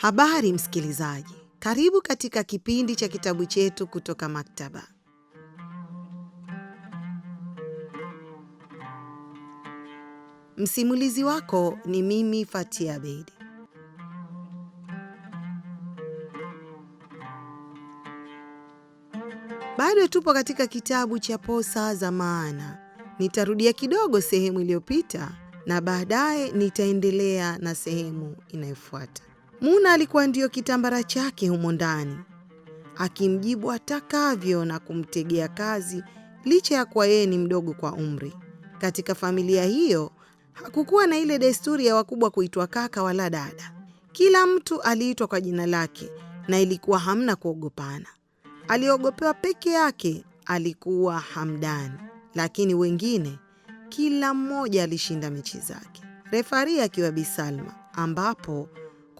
Habari msikilizaji, karibu katika kipindi cha kitabu chetu kutoka maktaba. Msimulizi wako ni mimi Fatia Bedi. Bado tupo katika kitabu cha Posa za Maana. Nitarudia kidogo sehemu iliyopita na baadaye nitaendelea na sehemu inayofuata. Muna alikuwa ndiyo kitambara chake humo ndani, akimjibu atakavyo na kumtegea kazi, licha ya kuwa yeye ni mdogo kwa umri. Katika familia hiyo hakukuwa na ile desturi ya wakubwa kuitwa kaka wala dada. Kila mtu aliitwa kwa jina lake na ilikuwa hamna kuogopana. Aliogopewa peke yake alikuwa Hamdani, lakini wengine, kila mmoja alishinda mechi zake. Refari akiwa Bisalma, ambapo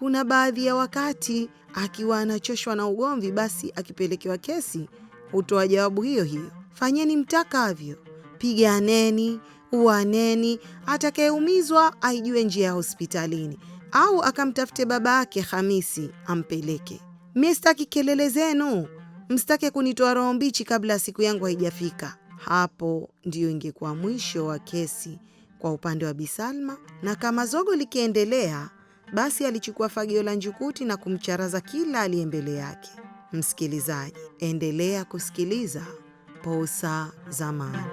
kuna baadhi ya wakati akiwa anachoshwa na ugomvi, basi akipelekewa kesi hutoa jawabu hiyo hiyo, fanyeni mtakavyo, piganeni, uaneni, atakayeumizwa aijue njia ya hospitalini, au akamtafute baba yake Hamisi ampeleke. Mie sitaki kelele zenu, msitake kunitoa roho mbichi kabla ya siku yangu haijafika. Hapo ndiyo ingekuwa mwisho wa kesi kwa upande wa Bisalma, na kama zogo likiendelea basi alichukua fagio la njukuti na kumcharaza kila aliye mbele yake. Msikilizaji, endelea kusikiliza Posa za Maana.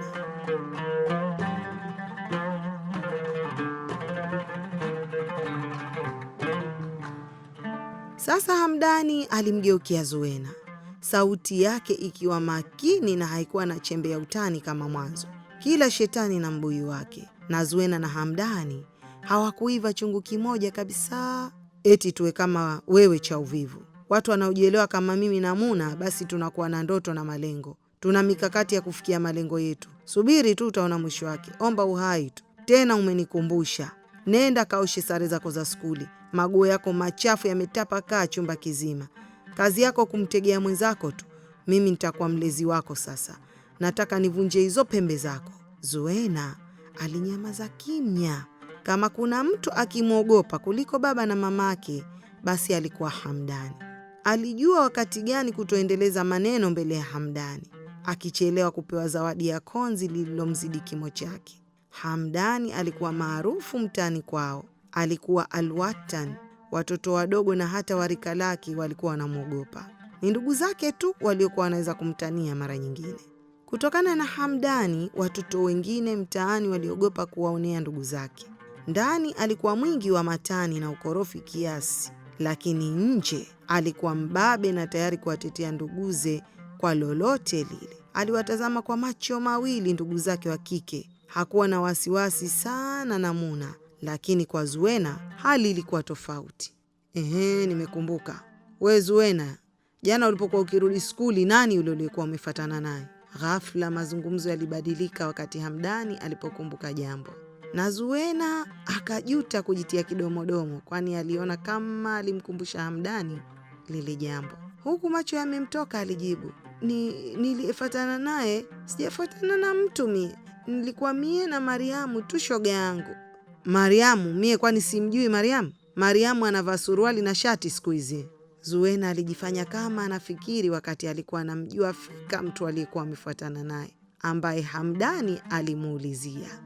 Sasa Hamdani alimgeukia Zuena, sauti yake ikiwa makini na haikuwa na chembe ya utani kama mwanzo. Kila shetani na mbuyu wake, na Zuena na Hamdani hawakuiva chungu kimoja kabisa, eti tuwe kama wewe cha uvivu. Watu wanaojielewa kama mimi na Muna, basi tunakuwa na ndoto na malengo, tuna mikakati ya kufikia malengo yetu. Subiri tu, utaona mwisho wake. Omba uhai tu. Tena umenikumbusha, nenda kaoshe sare zako za skuli. Maguo yako machafu yametapakaa chumba kizima. Kazi yako kumtegea mwenzako tu. Mimi nitakuwa mlezi wako sasa. Nataka nivunje hizo pembe zako. Zuena alinyamaza kimya. Kama kuna mtu akimwogopa kuliko baba na mamake, basi alikuwa Hamdani. Alijua wakati gani kutoendeleza maneno mbele ya Hamdani, akichelewa kupewa zawadi ya konzi lililomzidi kimo chake. Hamdani alikuwa maarufu mtaani kwao, alikuwa alwatan. Watoto wadogo na hata warika lake walikuwa wanamwogopa. Ni ndugu zake tu waliokuwa wanaweza kumtania mara nyingine. Kutokana na Hamdani, watoto wengine mtaani waliogopa kuwaonea ndugu zake. Ndani alikuwa mwingi wa matani na ukorofi kiasi, lakini nje alikuwa mbabe na tayari kuwatetea nduguze kwa lolote lile. Aliwatazama kwa macho mawili ndugu zake wa kike. Hakuwa na wasiwasi sana na Muna, lakini kwa Zuena hali ilikuwa tofauti. Ehe, nimekumbuka. We Zuena, jana ulipokuwa ukirudi skuli, nani ule uliokuwa umefatana naye? Ghafla mazungumzo yalibadilika wakati Hamdani alipokumbuka jambo na Zuena akajuta kujitia kidomodomo, kwani aliona kama alimkumbusha Hamdani lile jambo. Huku macho yamemtoka, alijibu ni niliyefatana naye, sijafatana na mtu mie, nilikuwa mie na Mariamu tu, shoga yangu. Mariamu mie, kwani simjui Mariamu? Mariamu anavaa suruali na shati siku hizi. Zuena alijifanya kama anafikiri, wakati alikuwa anamjua fika mtu aliyekuwa amefuatana naye ambaye Hamdani alimuulizia.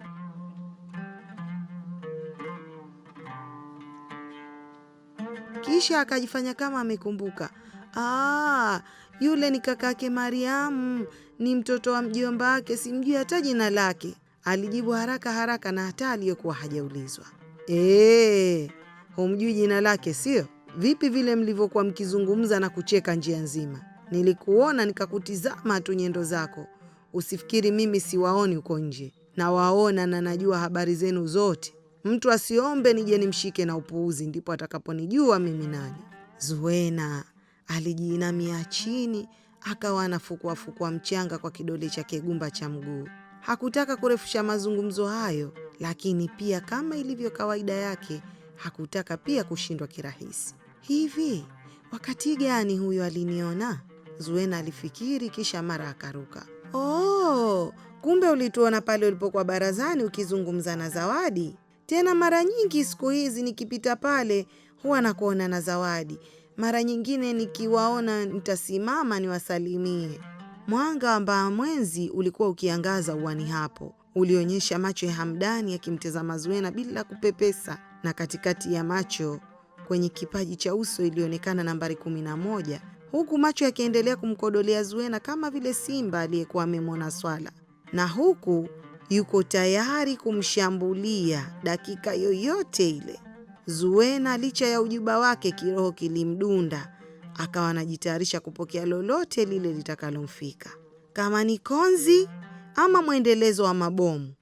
Kisha akajifanya kama amekumbuka, ah, yule ni kakake Mariamu, ni mtoto wa mjomba wake, simjui hata jina lake, alijibu haraka haraka na hata aliyokuwa hajaulizwa. E, humjui jina lake sio? Vipi vile mlivyokuwa mkizungumza na kucheka njia nzima? Nilikuona nikakutizama tu nyendo zako. Usifikiri mimi siwaoni huko nje, nawaona na najua habari zenu zote. Mtu asiombe nije nimshike na upuuzi, ndipo atakaponijua mimi nani. Zuena alijiinamia chini, akawa anafukuafukua mchanga kwa kidole cha kegumba cha mguu. Hakutaka kurefusha mazungumzo hayo, lakini pia kama ilivyo kawaida yake, hakutaka pia kushindwa kirahisi. Hivi wakati gani huyo aliniona? Zuena alifikiri, kisha mara akaruka. Oh, kumbe ulituona pale ulipokuwa barazani ukizungumza na Zawadi. Tena mara nyingi siku hizi nikipita pale huwa nakuona na zawadi, mara nyingine nikiwaona nitasimama niwasalimie. Mwanga mbaa mwenzi ulikuwa ukiangaza uwani hapo ulionyesha macho ya Hamdani akimtazama Zuena bila kupepesa, na katikati ya macho kwenye kipaji cha uso ilionekana nambari kumi na moja, huku macho yakiendelea kumkodolea Zuena kama vile simba aliyekuwa amemwona swala, na huku yuko tayari kumshambulia dakika yoyote ile. Zuena licha ya ujuba wake kiroho kilimdunda, akawa anajitayarisha kupokea lolote lile litakalomfika, kama ni konzi ama mwendelezo wa mabomu.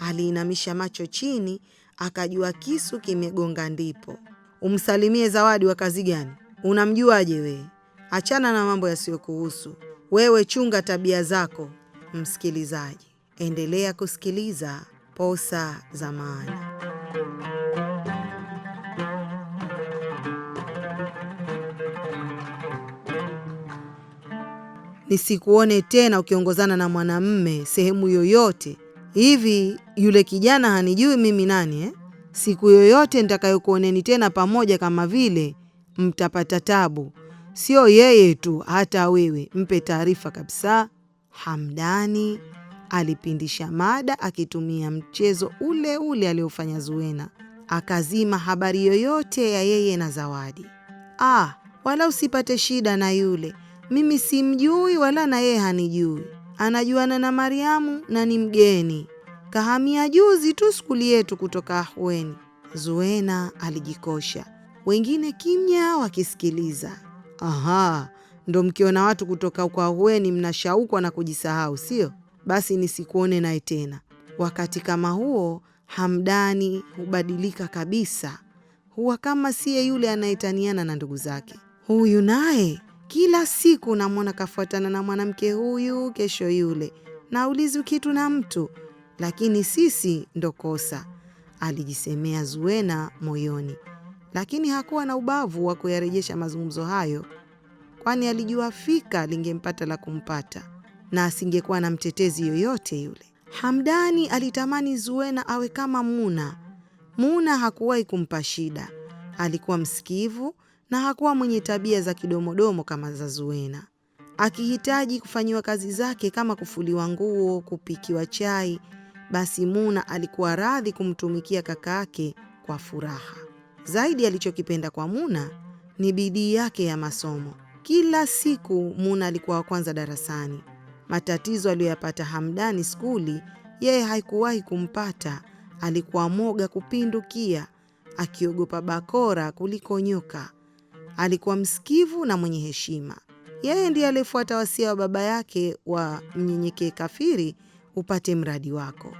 Aliinamisha macho chini, akajua kisu kimegonga ndipo. Umsalimie Zawadi wa kazi gani? Unamjuaje wee Achana na mambo yasiyokuhusu wewe, chunga tabia zako. Msikilizaji, Endelea kusikiliza Posa za Maana. Nisikuone tena ukiongozana na mwanamme sehemu yoyote. Hivi yule kijana hanijui mimi nani eh? Siku yoyote nitakayokuoneni tena pamoja kama vile mtapata tabu, sio yeye tu, hata wewe. Mpe taarifa kabisa, Hamdani. Alipindisha mada akitumia mchezo ule ule aliofanya Zuena, akazima habari yoyote ya yeye na Zawadi. Ah, wala usipate shida na yule, mimi simjui wala na yeye hanijui. Anajuana na Mariamu na ni mgeni, kahamia juzi tu skuli yetu kutoka Ahweni. Zuena alijikosha, wengine kimya wakisikiliza. Aha, ndo mkiona watu kutoka kwa Ahweni mnashaukwa na kujisahau, sio? basi nisikuone naye tena. Wakati kama huo, Hamdani hubadilika kabisa, huwa kama siye yule anayetaniana na ndugu zake. Huyu naye kila siku namwona kafuatana na mwanamke huyu, kesho yule, naulizi kitu na mtu, lakini sisi ndo kosa, alijisemea Zuena moyoni, lakini hakuwa na ubavu wa kuyarejesha mazungumzo hayo, kwani alijua fika lingempata la kumpata na asingekuwa na mtetezi yoyote yule. Hamdani alitamani Zuena awe kama Muna. Muna hakuwahi kumpa shida, alikuwa msikivu na hakuwa mwenye tabia za kidomodomo kama za Zuena. Akihitaji kufanyiwa kazi zake kama kufuliwa nguo, kupikiwa chai, basi Muna alikuwa radhi kumtumikia kakake kwa furaha. Zaidi alichokipenda kwa Muna ni bidii yake ya masomo. Kila siku Muna alikuwa wa kwanza darasani. Matatizo aliyoyapata Hamdani skuli yeye haikuwahi kumpata. Alikuwa mwoga kupindukia, akiogopa bakora kuliko nyoka. Alikuwa msikivu na mwenye heshima. Yeye ndiye aliyefuata wasia wa baba yake wa mnyenyekee kafiri, upate mradi wako.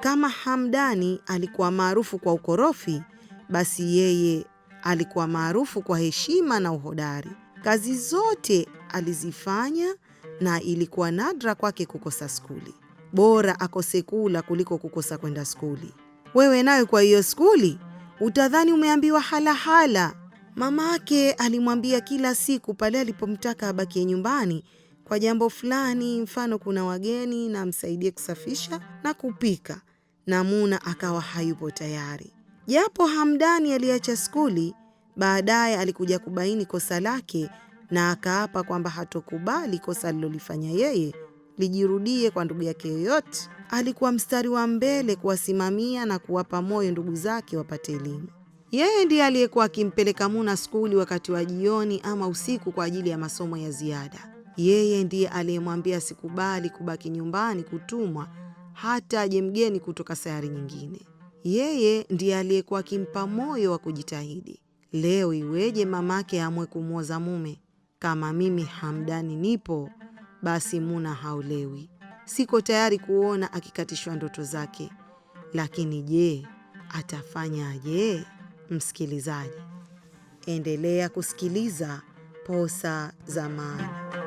Kama Hamdani alikuwa maarufu kwa ukorofi, basi yeye Alikuwa maarufu kwa heshima na uhodari. Kazi zote alizifanya na ilikuwa nadra kwake kukosa skuli. Bora akose kula kuliko kukosa kwenda skuli. Wewe nawe kwa hiyo skuli utadhani umeambiwa halahala. Mamake alimwambia kila siku pale alipomtaka abakie nyumbani kwa jambo fulani, mfano kuna wageni na amsaidie kusafisha na kupika, na Muna akawa hayupo tayari. Japo Hamdani aliacha skuli, baadaye alikuja kubaini kosa lake na akaapa kwamba hatokubali kosa alilolifanya yeye lijirudie kwa ndugu yake yoyote. Alikuwa mstari wa mbele kuwasimamia na kuwapa moyo ndugu zake wapate elimu. Yeye ndiye aliyekuwa akimpeleka Muna skuli wakati wa jioni ama usiku kwa ajili ya masomo ya ziada. Yeye ndiye aliyemwambia sikubali kubaki nyumbani kutumwa hata aje mgeni kutoka sayari nyingine. Yeye ndiye aliyekuwa akimpa moyo wa kujitahidi. Leo iweje mamake amwe kumwoza mume? Kama mimi Hamdani nipo, basi Muna haolewi. Siko tayari kuona akikatishwa ndoto zake, lakini je, atafanyaje? Msikilizaji, endelea kusikiliza Posa za Maana.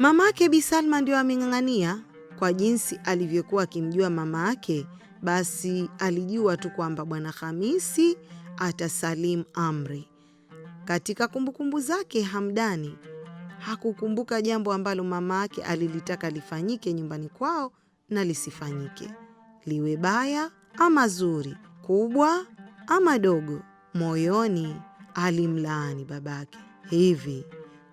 Mamake Bi Salma ndio ameng'ang'ania. Kwa jinsi alivyokuwa akimjua mamake, basi alijua tu kwamba Bwana Hamisi atasalimu amri. Katika kumbukumbu zake, Hamdani hakukumbuka jambo ambalo mamake alilitaka lifanyike nyumbani kwao na lisifanyike, liwe baya ama zuri, kubwa ama dogo. Moyoni alimlaani babake, hivi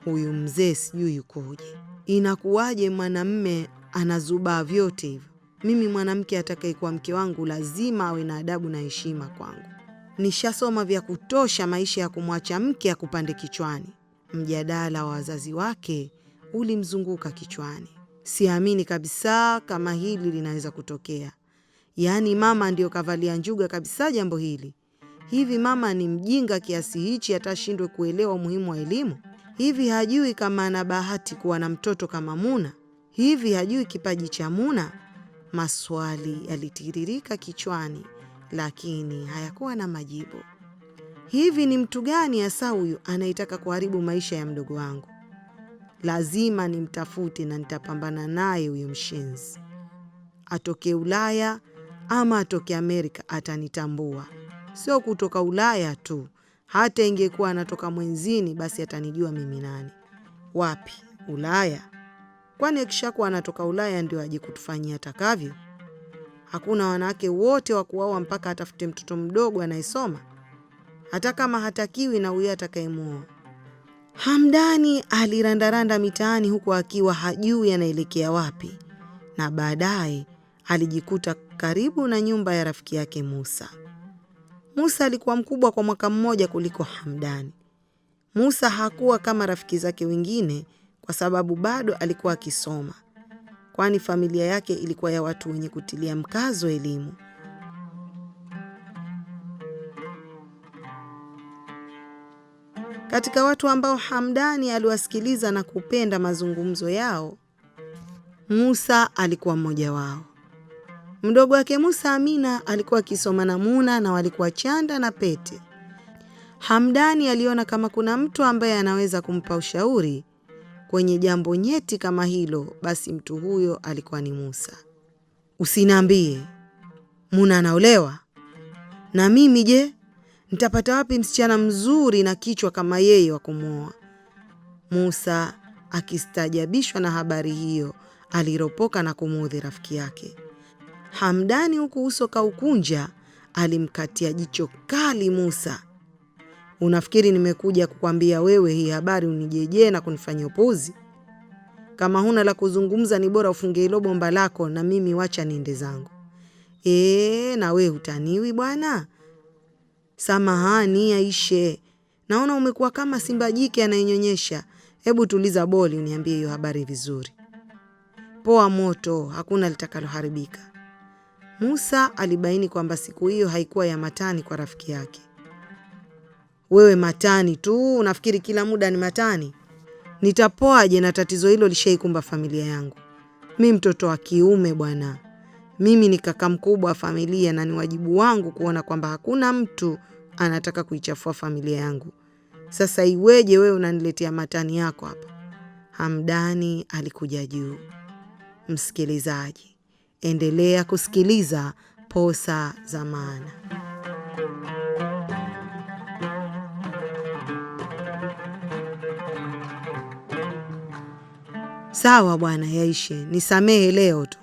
huyu mzee sijui yukoje, inakuwaje mwanamme anazubaa vyote hivyo? Mimi mwanamke atakayekuwa mke wangu lazima awe na adabu na heshima kwangu. Nishasoma vya kutosha maisha ya kumwacha mke akupande kichwani. Mjadala wa wazazi wake ulimzunguka kichwani. Siamini kabisa kama hili linaweza kutokea. Yaani mama ndiyo kavalia njuga kabisa jambo hili. Hivi mama ni mjinga kiasi hichi atashindwe kuelewa umuhimu wa elimu? Hivi hajui kama ana bahati kuwa na mtoto kama Muna? Hivi hajui kipaji cha Muna? Maswali yalitiririka kichwani, lakini hayakuwa na majibu. Hivi ni mtu gani hasa huyu anayetaka kuharibu maisha ya mdogo wangu? Lazima nimtafute na nitapambana naye huyo mshenzi. Atoke Ulaya ama atoke Amerika, atanitambua. Sio kutoka Ulaya tu, hata ingekuwa anatoka mwenzini, basi atanijua mimi nani. Wapi? Ulaya? Kwani akishakuwa anatoka Ulaya ndio aje kutufanyia atakavyo? Hakuna wanawake wote wa kuwaoa mpaka atafute mtoto mdogo anayesoma, hata kama hatakiwi na huyo atakayemwoa. Hamdani alirandaranda mitaani huku akiwa hajui anaelekea wapi, na baadaye alijikuta karibu na nyumba ya rafiki yake Musa. Musa alikuwa mkubwa kwa mwaka mmoja kuliko Hamdani. Musa hakuwa kama rafiki zake wengine kwa sababu bado alikuwa akisoma, kwani familia yake ilikuwa ya watu wenye kutilia mkazo elimu. Katika watu ambao Hamdani aliwasikiliza na kupenda mazungumzo yao, Musa alikuwa mmoja wao. Mdogo wake Musa Amina alikuwa akisoma na Muna na walikuwa chanda na pete. Hamdani aliona kama kuna mtu ambaye anaweza kumpa ushauri kwenye jambo nyeti kama hilo, basi mtu huyo alikuwa ni Musa. Usiniambie Muna anaolewa na mimi? Je, nitapata wapi msichana mzuri na kichwa kama yeye wa kumwoa? Musa akistajabishwa na habari hiyo aliropoka na kumuudhi rafiki yake. Hamdani huku uso kaukunja, alimkatia jicho kali Musa. Unafikiri nimekuja kukwambia wewe hii habari unijejee na kunifanya upuzi? Kama huna la kuzungumza, ni bora ufunge hilo bomba lako, na mimi wacha niende zangu. E, na we hutaniwi bwana? Samahani Aishe, naona umekuwa kama simba jike anayenyonyesha. Hebu tuliza boli, uniambie hiyo habari vizuri. Poa moto, hakuna litakaloharibika. Musa alibaini kwamba siku hiyo haikuwa ya matani kwa rafiki yake. Wewe matani tu, unafikiri kila muda ni matani? Nitapoaje na tatizo hilo lishaikumba familia yangu? Mi mtoto wa kiume bwana, mimi ni kaka mkubwa wa familia na ni wajibu wangu kuona kwamba hakuna mtu anataka kuichafua familia yangu. Sasa iweje wewe unaniletea matani yako hapa? Hamdani alikuja juu. Msikilizaji, Endelea kusikiliza Posa za Maana. Sawa bwana, yaishe, nisamehe leo tu.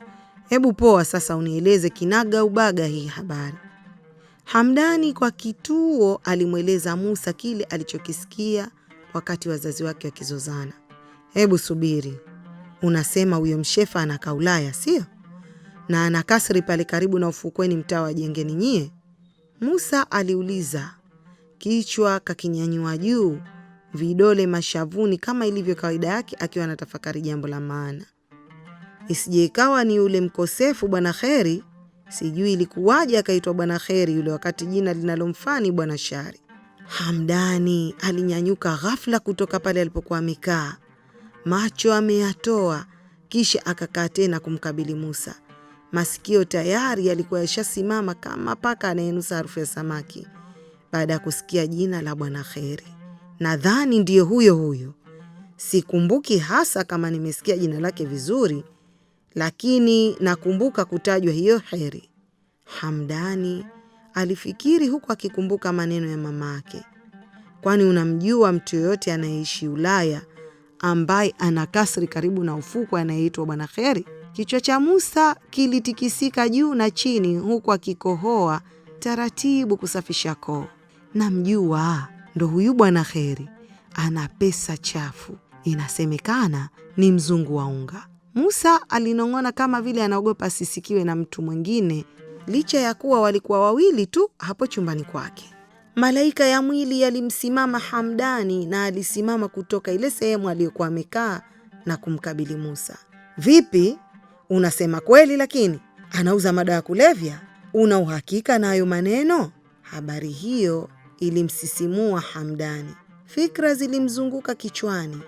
Hebu poa sasa, unieleze kinaga ubaga hii habari. Hamdani kwa kituo alimweleza Musa kile alichokisikia wakati wazazi wake wakizozana. Hebu subiri, unasema huyo mshefa anakaa Ulaya, sio? na ana kasri pale karibu na ufukweni, mtaa wa jengeni nyie? Musa aliuliza, kichwa kakinyanyua juu, vidole mashavuni, kama ilivyo kawaida yake, akiwa anatafakari jambo la maana. Isije ikawa ni yule mkosefu Bwana Kheri. Sijui ilikuwaje akaitwa Bwana Kheri yule, wakati jina linalomfani Bwana Shari. Hamdani alinyanyuka ghafla kutoka pale alipokuwa amekaa, macho ameyatoa, kisha akakaa tena kumkabili Musa. Masikio tayari yalikuwa yashasimama kama paka anayenusa harufu ya samaki baada ya kusikia jina la Bwana Kheri. Nadhani ndiyo huyo huyo, sikumbuki hasa kama nimesikia jina lake vizuri, lakini nakumbuka kutajwa hiyo Kheri. Hamdani alifikiri huku akikumbuka maneno ya mamake. Kwani unamjua mtu yoyote anayeishi Ulaya ambaye ana kasri karibu na ufukwe anayeitwa Bwana Kheri? Kichwa cha Musa kilitikisika juu na chini, huku akikohoa taratibu kusafisha koo. Namjua, ndo huyu Bwana Heri ana pesa chafu, inasemekana ni mzungu wa unga. Musa alinong'ona kama vile anaogopa asisikiwe na mtu mwingine, licha ya kuwa walikuwa wawili tu hapo chumbani kwake. Malaika ya mwili yalimsimama Hamdani, na alisimama kutoka ile sehemu aliyokuwa amekaa na kumkabili Musa. Vipi, Unasema kweli, lakini anauza madawa ya kulevya? Una uhakika na hayo maneno? Habari hiyo ilimsisimua Hamdani. Fikra zilimzunguka kichwani.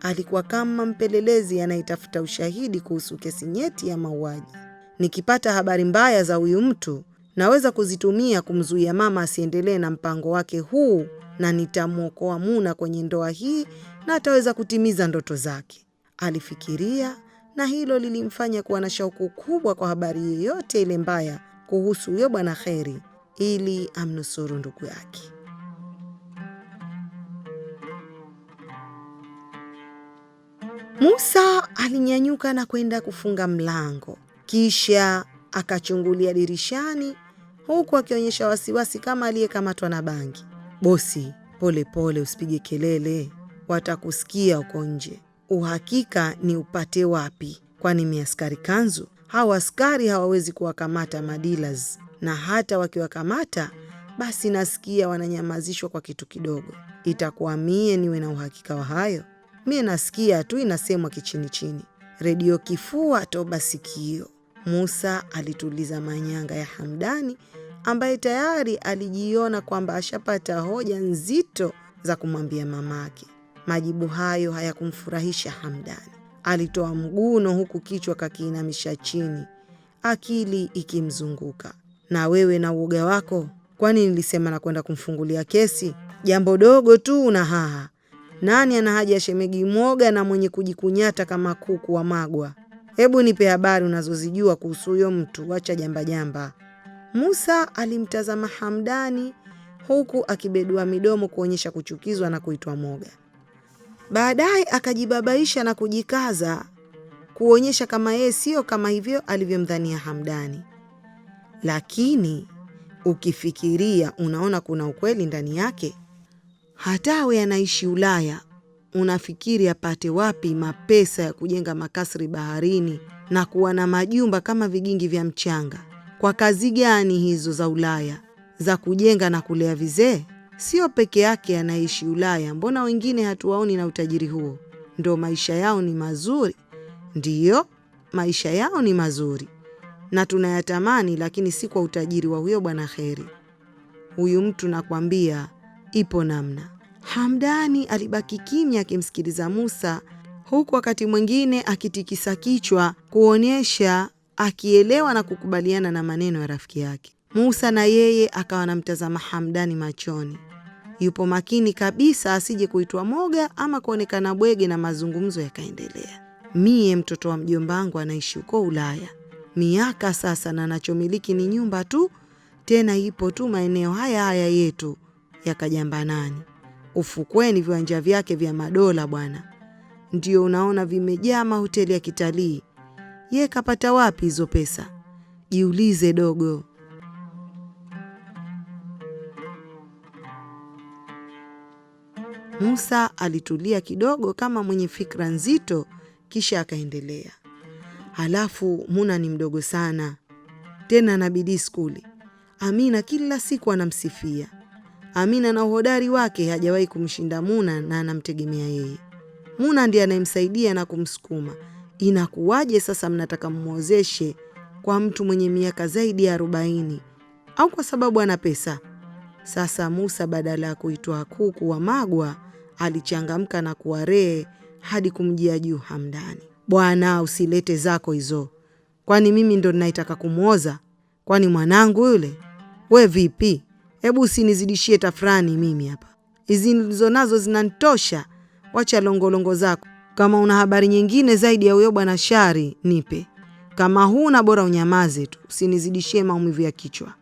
Alikuwa kama mpelelezi anayetafuta ushahidi kuhusu kesi nyeti ya mauaji. Nikipata habari mbaya za huyu mtu, naweza kuzitumia kumzuia mama asiendelee na mpango wake huu, na nitamwokoa Muna kwenye ndoa hii na ataweza kutimiza ndoto zake, alifikiria na hilo lilimfanya kuwa na shauku kubwa kwa habari yoyote ile mbaya kuhusu huyo Bwana Kheri ili amnusuru ndugu yake. Musa alinyanyuka na kwenda kufunga mlango, kisha akachungulia dirishani, huku akionyesha wasiwasi kama aliyekamatwa na bangi. Bosi, polepole, usipige kelele, watakusikia uko nje uhakika ni upate wapi? Kwani miaskari kanzu hawa askari hawawezi kuwakamata madilas, na hata wakiwakamata basi nasikia wananyamazishwa kwa kitu kidogo. Itakuwa mie niwe na uhakika wa hayo? Mie nasikia tu inasemwa kichini chini, redio kifua, toba sikio. Musa alituliza manyanga ya Hamdani ambaye tayari alijiona kwamba ashapata hoja nzito za kumwambia mamake. Majibu hayo hayakumfurahisha Hamdani. Alitoa mguno huku kichwa kakiinamisha chini, akili ikimzunguka. Na wewe na uoga wako, kwani nilisema nakwenda kumfungulia kesi? Jambo dogo tu una haha. Nani ana haja ya shemegi mwoga na mwenye kujikunyata kama kuku wa magwa? Hebu nipe habari unazozijua kuhusu huyo mtu, wacha jamba jamba. Musa alimtazama Hamdani huku akibedua midomo kuonyesha kuchukizwa na kuitwa mwoga. Baadaye akajibabaisha na kujikaza kuonyesha kama yeye sio kama hivyo alivyomdhania Hamdani, lakini ukifikiria unaona kuna ukweli ndani yake. hata awe anaishi Ulaya, unafikiri apate wapi mapesa ya kujenga makasri baharini na kuwa na majumba kama vigingi vya mchanga? Kwa kazi gani hizo za Ulaya za kujenga na kulea vizee? Sio peke yake anaishi Ulaya, mbona wengine hatuwaoni na utajiri huo? Ndo maisha yao ni mazuri. Ndiyo, maisha yao ni mazuri na tunayatamani, lakini si kwa utajiri wa huyo bwana Kheri. Huyu mtu nakwambia, ipo namna. Hamdani alibaki kimya akimsikiliza Musa, huku wakati mwingine akitikisa kichwa kuonyesha akielewa na kukubaliana na maneno ya rafiki yake. Musa na yeye akawa anamtazama Hamdani machoni, yupo makini kabisa asije kuitwa moga ama kuonekana bwege, na mazungumzo yakaendelea. Mie mtoto wa mjomba wangu anaishi huko Ulaya miaka sasa, na anachomiliki ni nyumba tu, tena ipo tu maeneo haya haya yetu ya Kajambanani ufukweni, viwanja vyake vya madola bwana, ndio unaona vimejaa mahoteli ya kitalii. Ye kapata wapi hizo pesa? Jiulize dogo. Musa alitulia kidogo kama mwenye fikra nzito, kisha akaendelea, halafu Muna ni mdogo sana tena na bidii skuli. Amina kila siku anamsifia Amina na uhodari wake hajawahi kumshinda Muna na anamtegemea yeye. Muna ndiye anayemsaidia na kumsukuma. Inakuwaje sasa mnataka mmwozeshe kwa mtu mwenye miaka zaidi ya arobaini? Au kwa sababu ana pesa? Sasa Musa badala ya kuitwa kuku wa magwa alichangamka na kuwaree hadi kumjia juu Hamdani. Bwana, usilete zako hizo, kwani mimi ndo ninaitaka kumwoza? Kwani mwanangu yule? We vipi? Hebu usinizidishie tafurani mimi hapa, hizi nilizo nazo zinanitosha. Wacha longolongo zako. Kama una habari nyingine zaidi ya huyo bwana Shari nipe, kama huna bora unyamaze tu, usinizidishie maumivu ya kichwa.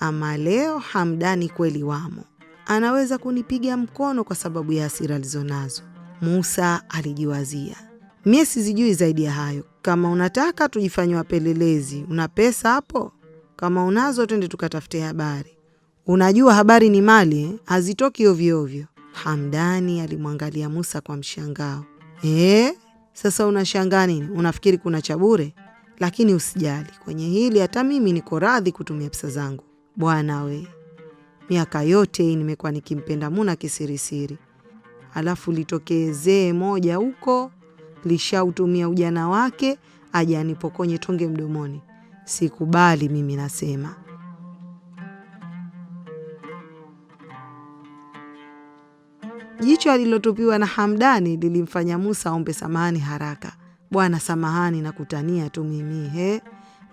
Ama leo Hamdani kweli wamo anaweza kunipiga mkono kwa sababu ya hasira alizonazo. Musa alijiwazia, mie sizijui zaidi ya hayo. Kama unataka tujifanye wapelelezi, una pesa hapo? Kama unazo, twende tukatafute habari. Unajua habari ni mali, eh? hazitoki ovyoovyo. Hamdani alimwangalia Musa kwa mshangao. E, sasa unashangaa nini? Unafikiri kuna cha bure? Lakini usijali kwenye hili, hata mimi niko radhi kutumia pesa zangu. Bwana wee Miaka yote hii nimekuwa nikimpenda Muna kisirisiri, alafu litokee zee moja huko lishautumia ujana wake aja anipokonye tonge mdomoni. Sikubali mimi, nasema jicho alilotupiwa na Hamdani lilimfanya Musa aombe samahani haraka. Bwana, samahani na kutania tu mimi, he,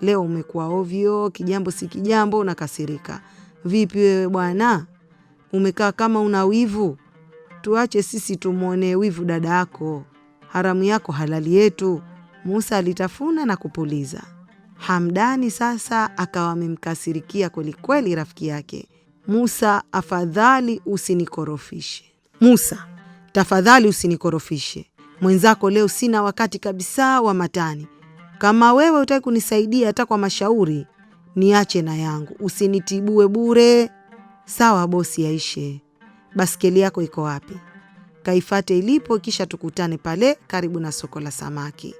leo umekuwa ovyo, kijambo si kijambo, nakasirika vipi wewe bwana, umekaa kama una wivu? Tuache sisi tumwonee wivu dada yako, haramu yako halali yetu. Musa alitafuna na kupuliza. Hamdani sasa akawa amemkasirikia kwelikweli rafiki yake Musa. Afadhali usinikorofishe Musa, tafadhali usinikorofishe mwenzako. Leo sina wakati kabisa wa matani. Kama wewe utaki kunisaidia hata kwa mashauri, niache na yangu, usinitibue bure. Sawa bosi, yaishe. Baskeli yako iko wapi? Kaifate ilipo, kisha tukutane pale karibu na soko la samaki.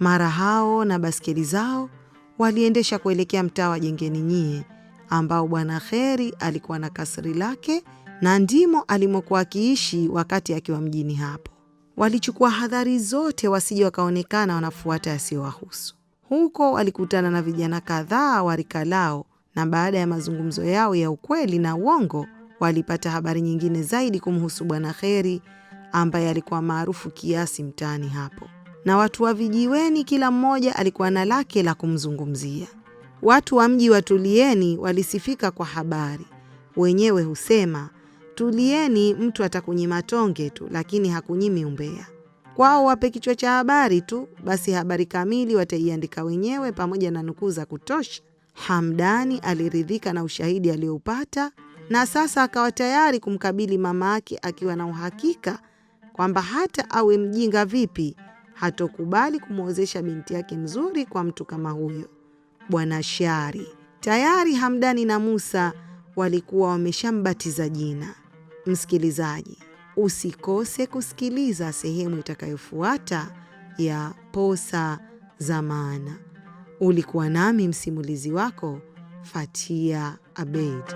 Mara hao na baskeli zao waliendesha kuelekea mtaa wa Jengeni Nyie, ambao Bwana Kheri alikuwa na kasri lake na ndimo alimokuwa akiishi wakati akiwa mjini hapo. Walichukua hadhari zote wasije wakaonekana wanafuata yasiyowahusu. Huko alikutana na vijana kadhaa wa rika lao, na baada ya mazungumzo yao ya ukweli na uongo, walipata habari nyingine zaidi kumhusu Bwana Kheri ambaye alikuwa maarufu kiasi mtaani hapo, na watu wa vijiweni kila mmoja alikuwa na lake la kumzungumzia. Watu wa mji wa Tulieni walisifika kwa habari, wenyewe husema Tulieni, mtu atakunyima tonge tu, lakini hakunyimi umbea kwao wape kichwa cha habari tu, basi habari kamili wataiandika wenyewe pamoja na nukuu za kutosha. Hamdani aliridhika na ushahidi aliyoupata na sasa akawa tayari kumkabili mama yake akiwa na uhakika kwamba hata awe mjinga vipi hatokubali kumwozesha binti yake mzuri kwa mtu kama huyo Bwana Shari. Tayari Hamdani na Musa walikuwa wameshambatiza jina. Msikilizaji, Usikose kusikiliza sehemu itakayofuata ya Posa za Maana. Ulikuwa nami msimulizi wako Fatia Abeid.